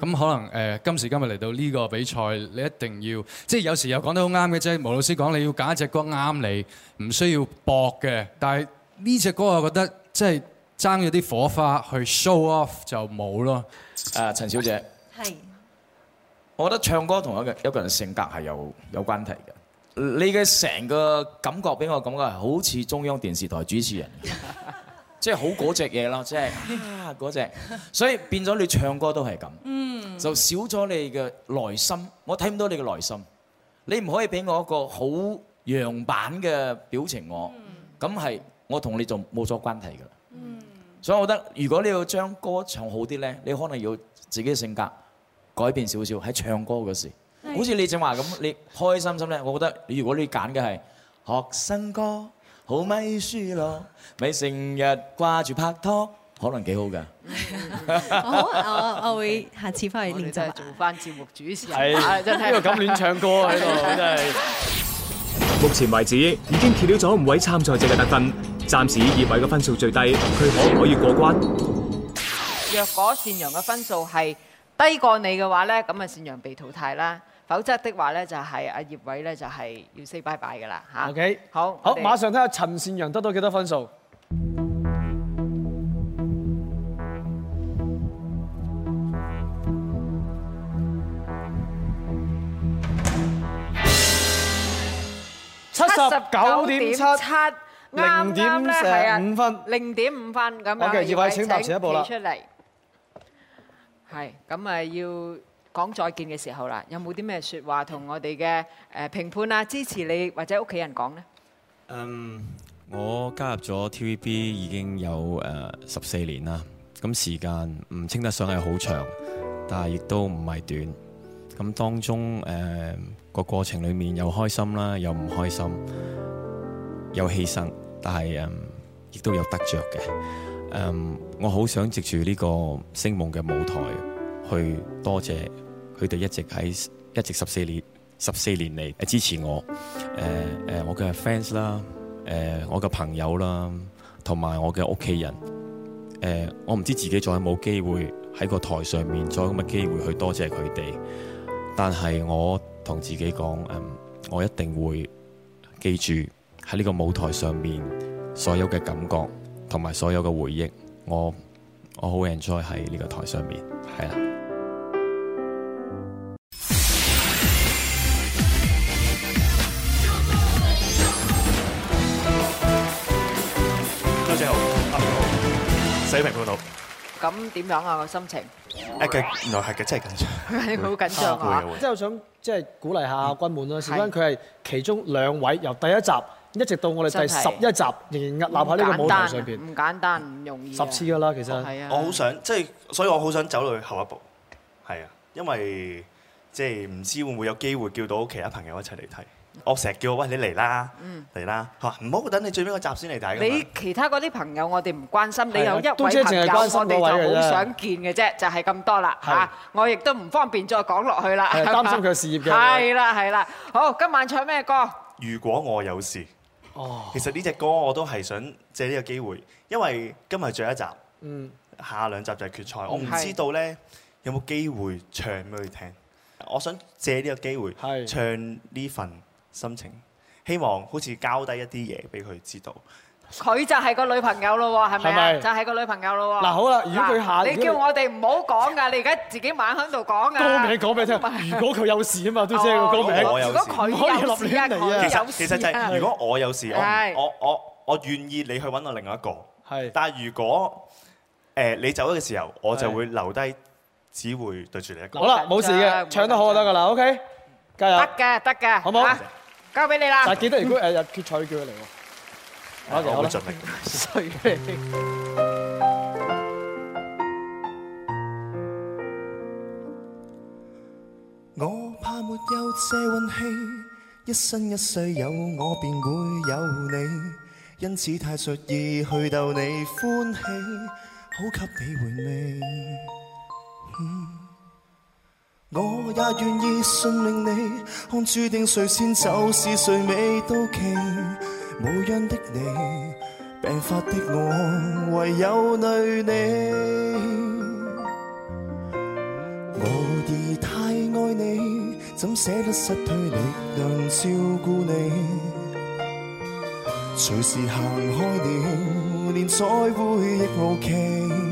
咁可能誒、呃、今時今日嚟到呢個比賽，你一定要即係有時又講得好啱嘅，即係巫老師講你要揀一隻歌啱你，唔需要搏嘅。但係呢隻歌我覺得即係。爭咗啲火花去 show off 就冇咯。誒，陳小姐，係，我覺得唱歌同一個一個人性格係有有關係嘅。你嘅成個感覺俾我感覺係，好似中央電視台主持人就是，即係好嗰隻嘢咯，即係嗰隻。所以變咗你唱歌都係咁，嗯，就少咗你嘅內心。我睇唔到你嘅內心。你唔可以俾我一個好樣板嘅表情我，咁係我同你就冇咗關係㗎啦。所以，我覺得如果你要將歌唱好啲咧，你可能要自己性格改變少少喺唱歌嗰時。好似你正話咁，你開心心咧，我覺得你如果你揀嘅係學生歌好咪輸囉，咪成日掛住拍拖，可能幾好㗎。 我我，我會下次翻去練習做翻節目主持人。係，真係呢度咁亂唱歌喺度，真係。目前為止已經揭曉咗五位參賽者嘅得分，暫時葉暐嘅分數最低，佢可唔可以過關？若果倩揚嘅分數係低過你嘅話咧，咁啊倩揚被淘汰啦，否則的話咧就係阿葉暐咧就係要 say bye bye 噶啦吓。O K，好，好，馬上睇下陳倩揚得到幾多分數。十九點七零點成五分，零點五分咁啊。好嘅，葉暐，請踏前一步啦。係咁啊，要講再見嘅時候啦，有冇啲咩説話，同我哋嘅誒評判啊、支持你或者屋企人講呢？嗯，我加入咗 TVB 已經有誒十四年啦。咁時間唔稱得上係好長，但係亦都唔係短。咁當中誒。個過程裏面又開心啦，又唔開心，又犧牲，但係嗯亦都有得着嘅。嗯，我好想藉住呢個聲夢嘅舞台，去多謝佢哋一直喺一直十四年十四年嚟支持我。誒、呃、誒、呃，我嘅 fans 啦，誒我嘅朋友啦，同、呃、埋我嘅屋企人。誒、呃，我唔知自己再有冇機會喺個台上面再咁嘅機會去多謝佢哋，但係我。同自己講，嗯，我一定會記住喺呢個舞台上面所有嘅感覺同埋所有嘅回憶，我我好 enjoy 喺呢個台上面，係啦。多謝好，阿明好，死平報好。咁點樣啊？個心情？誒佢原來係嘅，真係緊張，佢係好緊張嚇。即係我想即係鼓勵一下軍門啦。事關佢係其中兩位，由第一集一直到我哋第十一集是是，仍然屹立喺呢個舞台上面，唔簡單，唔容易的，十次噶啦其實。我好想即係，所以我好想走落去後一步，係啊，因為即係唔知會唔會有機會叫到其他朋友一齊嚟睇。我成日叫我餵你嚟啦，嚟啦嚇，唔好等你最尾嗰集先嚟睇。你其他嗰啲朋友我哋唔關心，你有一位朋友關心，你就好想見嘅啫，就係咁多啦嚇。我亦都唔方便再講落去啦。係擔心佢事業嘅。係啦係啦，好，今晚唱咩歌？如果我有事。哦。其實呢隻歌我都係想借呢個機會，因為今日最後一集，嗯，下兩集就係決賽，我唔知道咧有冇機會唱俾佢聽。我想借呢個機會唱呢份。心情，希望好似交低一啲嘢俾佢知道。佢就係個女朋友咯喎，係咪？係咪？就係個女朋友咯喎。嗱好啦，如果佢下你叫我哋唔好講噶，你而家自己猛響度講啊。歌名講俾你聽。唔係如果佢有事啊嘛，都知個歌名。如果佢可以落你啊。其實就係，如果我有事，係我有事，係我唔，我我我我願意你去揾我另外一個。係。但係如果誒你走咗嘅時候，我就會留低，只會對住你一個。好啦，冇事嘅，唱得好就得㗎啦。OK，加油。得嘅，得嘅，好唔好？交俾你啦！但係幾多年級誒入決賽叫佢嚟喎，我冇盡力，衰嘅。我怕沒有這溫馨，一生一世有我便會有你，因此太著意去逗你歡喜，好給你回味。我也願意信命，你看注定誰先走是誰未到期。無恙的你，病發的我，唯有累你。我而太愛你，怎捨得失去力量照顧你。隨時行開了，連，連再會亦無期。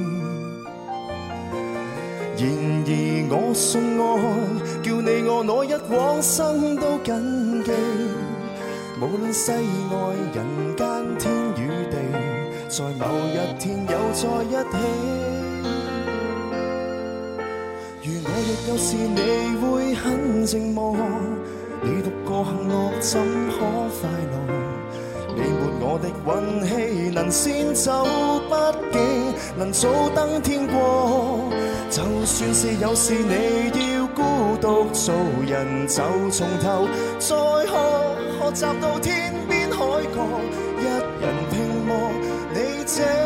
然而我信愛，叫你我我一往生都謹記。無論世外人間天與地，在某一天又再一起。如我若有事，你會很寂寞，你獨個行樂怎可快樂？你沒我的運氣，能先走不景，能早登天國。就算是有事，你要孤獨做人走，就從頭再學，學習到天邊海角，一人拼搏。你這。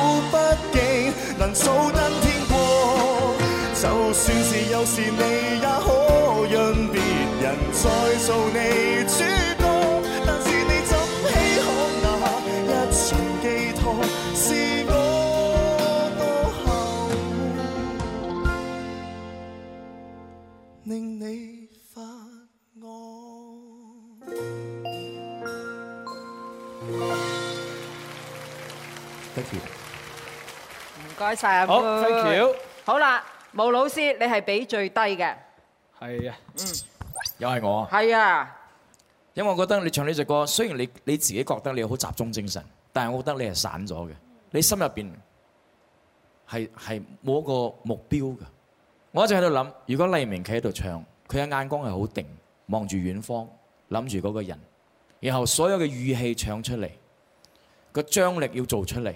謝謝好，崔喬，好啦，巫老師，你係俾最低嘅。係啊，嗯，又係我，係啊，因為我覺得你唱呢隻歌，雖然你你自己覺得你好集中精神，但係我覺得你係散咗嘅，你心入邊係係冇一個目標噶。我一直喺度諗，如果黎明企喺度唱，佢嘅眼光係好定，望住遠方，諗住嗰個人，然後所有嘅語氣唱出嚟，個張力要做出嚟。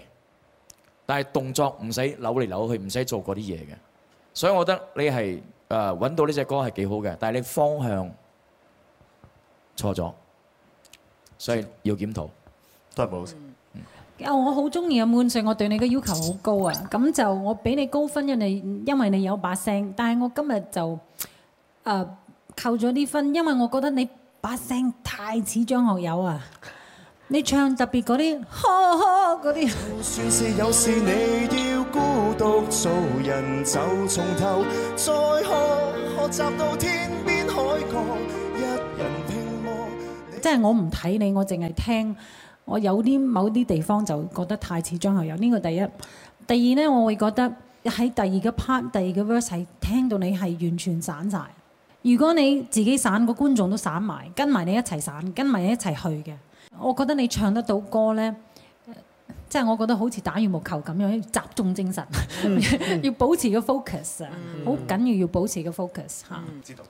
但係動作唔使扭嚟扭去，唔使做嗰啲嘢嘅，所以我覺得你係誒揾到呢隻歌係幾好嘅，但係你方向錯咗，所以要檢討。都係冇。啊，我好中意阿滿，我對你嘅要求好高啊！咁就我俾你高分，因你因為你有把聲，但係我今日就誒扣咗啲分，因為我覺得你把聲太似張學友啊。你唱特別嗰啲，嗰啲，的即係我唔睇你，我淨係聽。我有啲某啲地方就覺得太似張學友呢個第一。第二呢，我會覺得喺第二個 part、第二個 verse 係聽到你係完全散晒。如果你自己散，個觀眾都散埋，跟埋你一齊散，跟埋你一齊去嘅。我覺得你唱得到歌呢，即係我覺得好似打羽毛球咁樣，要集中精神，要保持個 focus，好緊要要保持個 focus 嚇。知道，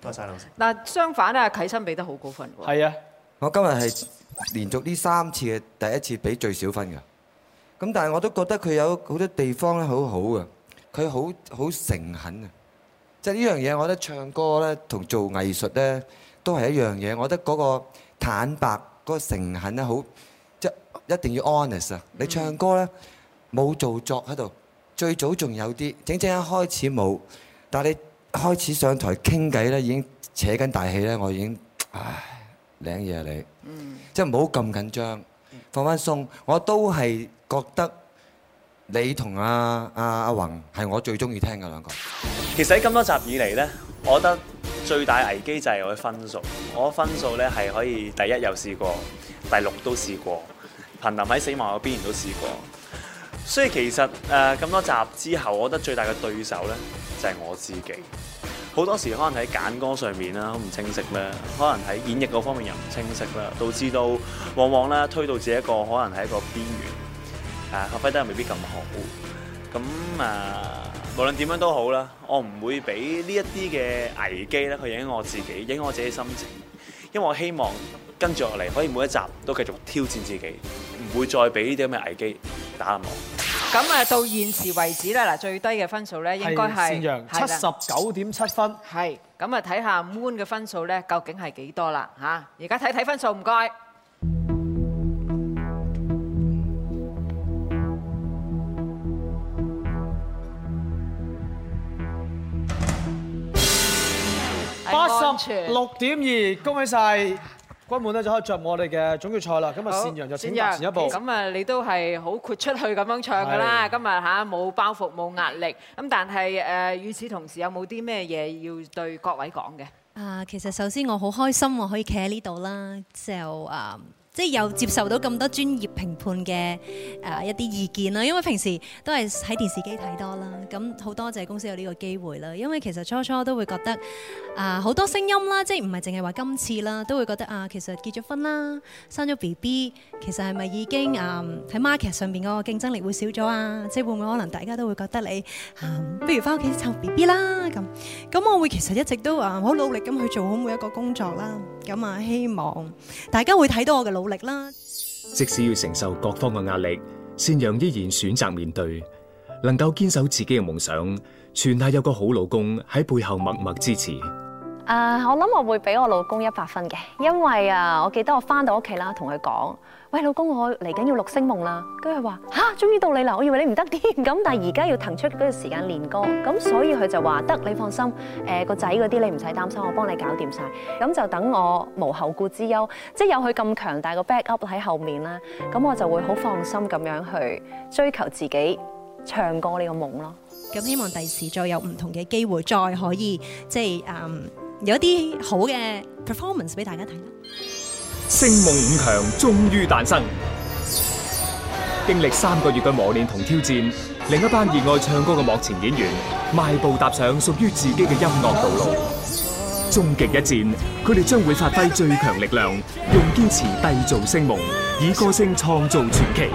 多謝晒老師。嗱，相反咧，啟生俾得好高分。係啊，我今日係連續呢三次嘅第一次俾最少分㗎。咁但係我都覺得佢有好多地方咧好好啊，佢好好誠懇啊。即係呢樣嘢，我覺得唱歌呢同做藝術呢都係一樣嘢。我覺得嗰個坦白。嗰個誠懇咧，好即係一定要 honest 啊！你唱歌咧冇做作喺度，最早仲有啲，整整一開始冇，但係你開始上台傾偈咧，已經扯緊大氣咧，我已經唉，領嘢你，嗯，即係唔好咁緊張，放翻鬆，我都係覺得你同阿阿阿弘係我最中意聽嘅兩個。其實喺咁多集以嚟咧。我覺得最大危機就係我嘅分數，我分數咧係可以第一又試過，第六都試過，瀕臨喺死亡嗰邊都試過。所以其實誒咁、呃、多集之後，我覺得最大嘅對手咧就係、是、我自己。好多時候可能喺揀歌上面啦，好唔清晰啦，可能喺演繹嗰方面又唔清晰啦，導致到往往咧推到自己一個可能係一個邊緣，誒發揮得未必咁好。咁啊～、呃無論點樣都好啦，我唔會俾呢一啲嘅危機咧，去影響我自己，影響我自己心情，因為我希望跟住落嚟，可以每一集都繼續挑戰自己，唔會再俾呢啲咁嘅危機打暗我。咁啊，到現時為止咧，嗱最低嘅分數咧，應該係倩揚七十九點七分。係，咁啊睇下 Moon 嘅分數咧，究竟係幾多啦？吓，而家睇睇分數，唔該。八十六點二，恭喜晒！軍門咧就可以進入我哋嘅總決賽啦。咁啊，綸陽就請前一步。咁啊，你都係好豁出去咁樣唱㗎啦。今日吓冇包袱，冇壓力。咁但係誒，與此同時，有冇啲咩嘢要對各位講嘅？啊，其實首先我好開心我可以企喺呢度啦，就誒。即係又接受到咁多專業評判嘅誒、呃、一啲意見啦，因為平時都係喺電視機睇多啦，咁好多謝公司有呢個機會啦。因為其實初初都會覺得啊，好、呃、多聲音啦，即係唔係淨係話今次啦，都會覺得啊、呃，其實結咗婚啦，生咗 B B，其實係咪已經啊喺 market 上邊個競爭力會少咗啊？即係會唔會可能大家都會覺得你不、呃、如翻屋企湊 B B 啦咁？咁我會其實一直都啊好、呃、努力咁去做好每一個工作啦。咁啊，希望大家會睇到我嘅努力啦。即使要承受各方嘅壓力，善陽依然選擇面對，能夠堅守自己嘅夢想，全係有個好老公喺背後默默支持。啊、uh，我諗我會俾我老公一百分嘅，因為啊，我記得我翻到屋企啦，同佢講。喂，老公，我嚟緊要六星夢啦，跟住話吓，終於到你啦！我以為你唔得掂咁，但係而家要騰出嗰個時間練歌，咁所以佢就話得，你放心，誒個仔嗰啲你唔使擔心，我幫你搞掂晒，咁就等我無後顧之憂，即係有佢咁強大個 backup 喺後面啦，咁我就會好放心咁樣去追求自己唱歌呢個夢咯。咁希望第時再有唔同嘅機會，再可以即係誒、嗯、有啲好嘅 performance 俾大家睇啦。星夢五強終於誕生，經歷三個月嘅磨練同挑戰，另一班熱愛唱歌嘅幕前演員邁步踏上屬於自己嘅音樂道路。終極一戰，佢哋將會發揮最強力量，用堅持締造星夢，以歌聲創造傳奇。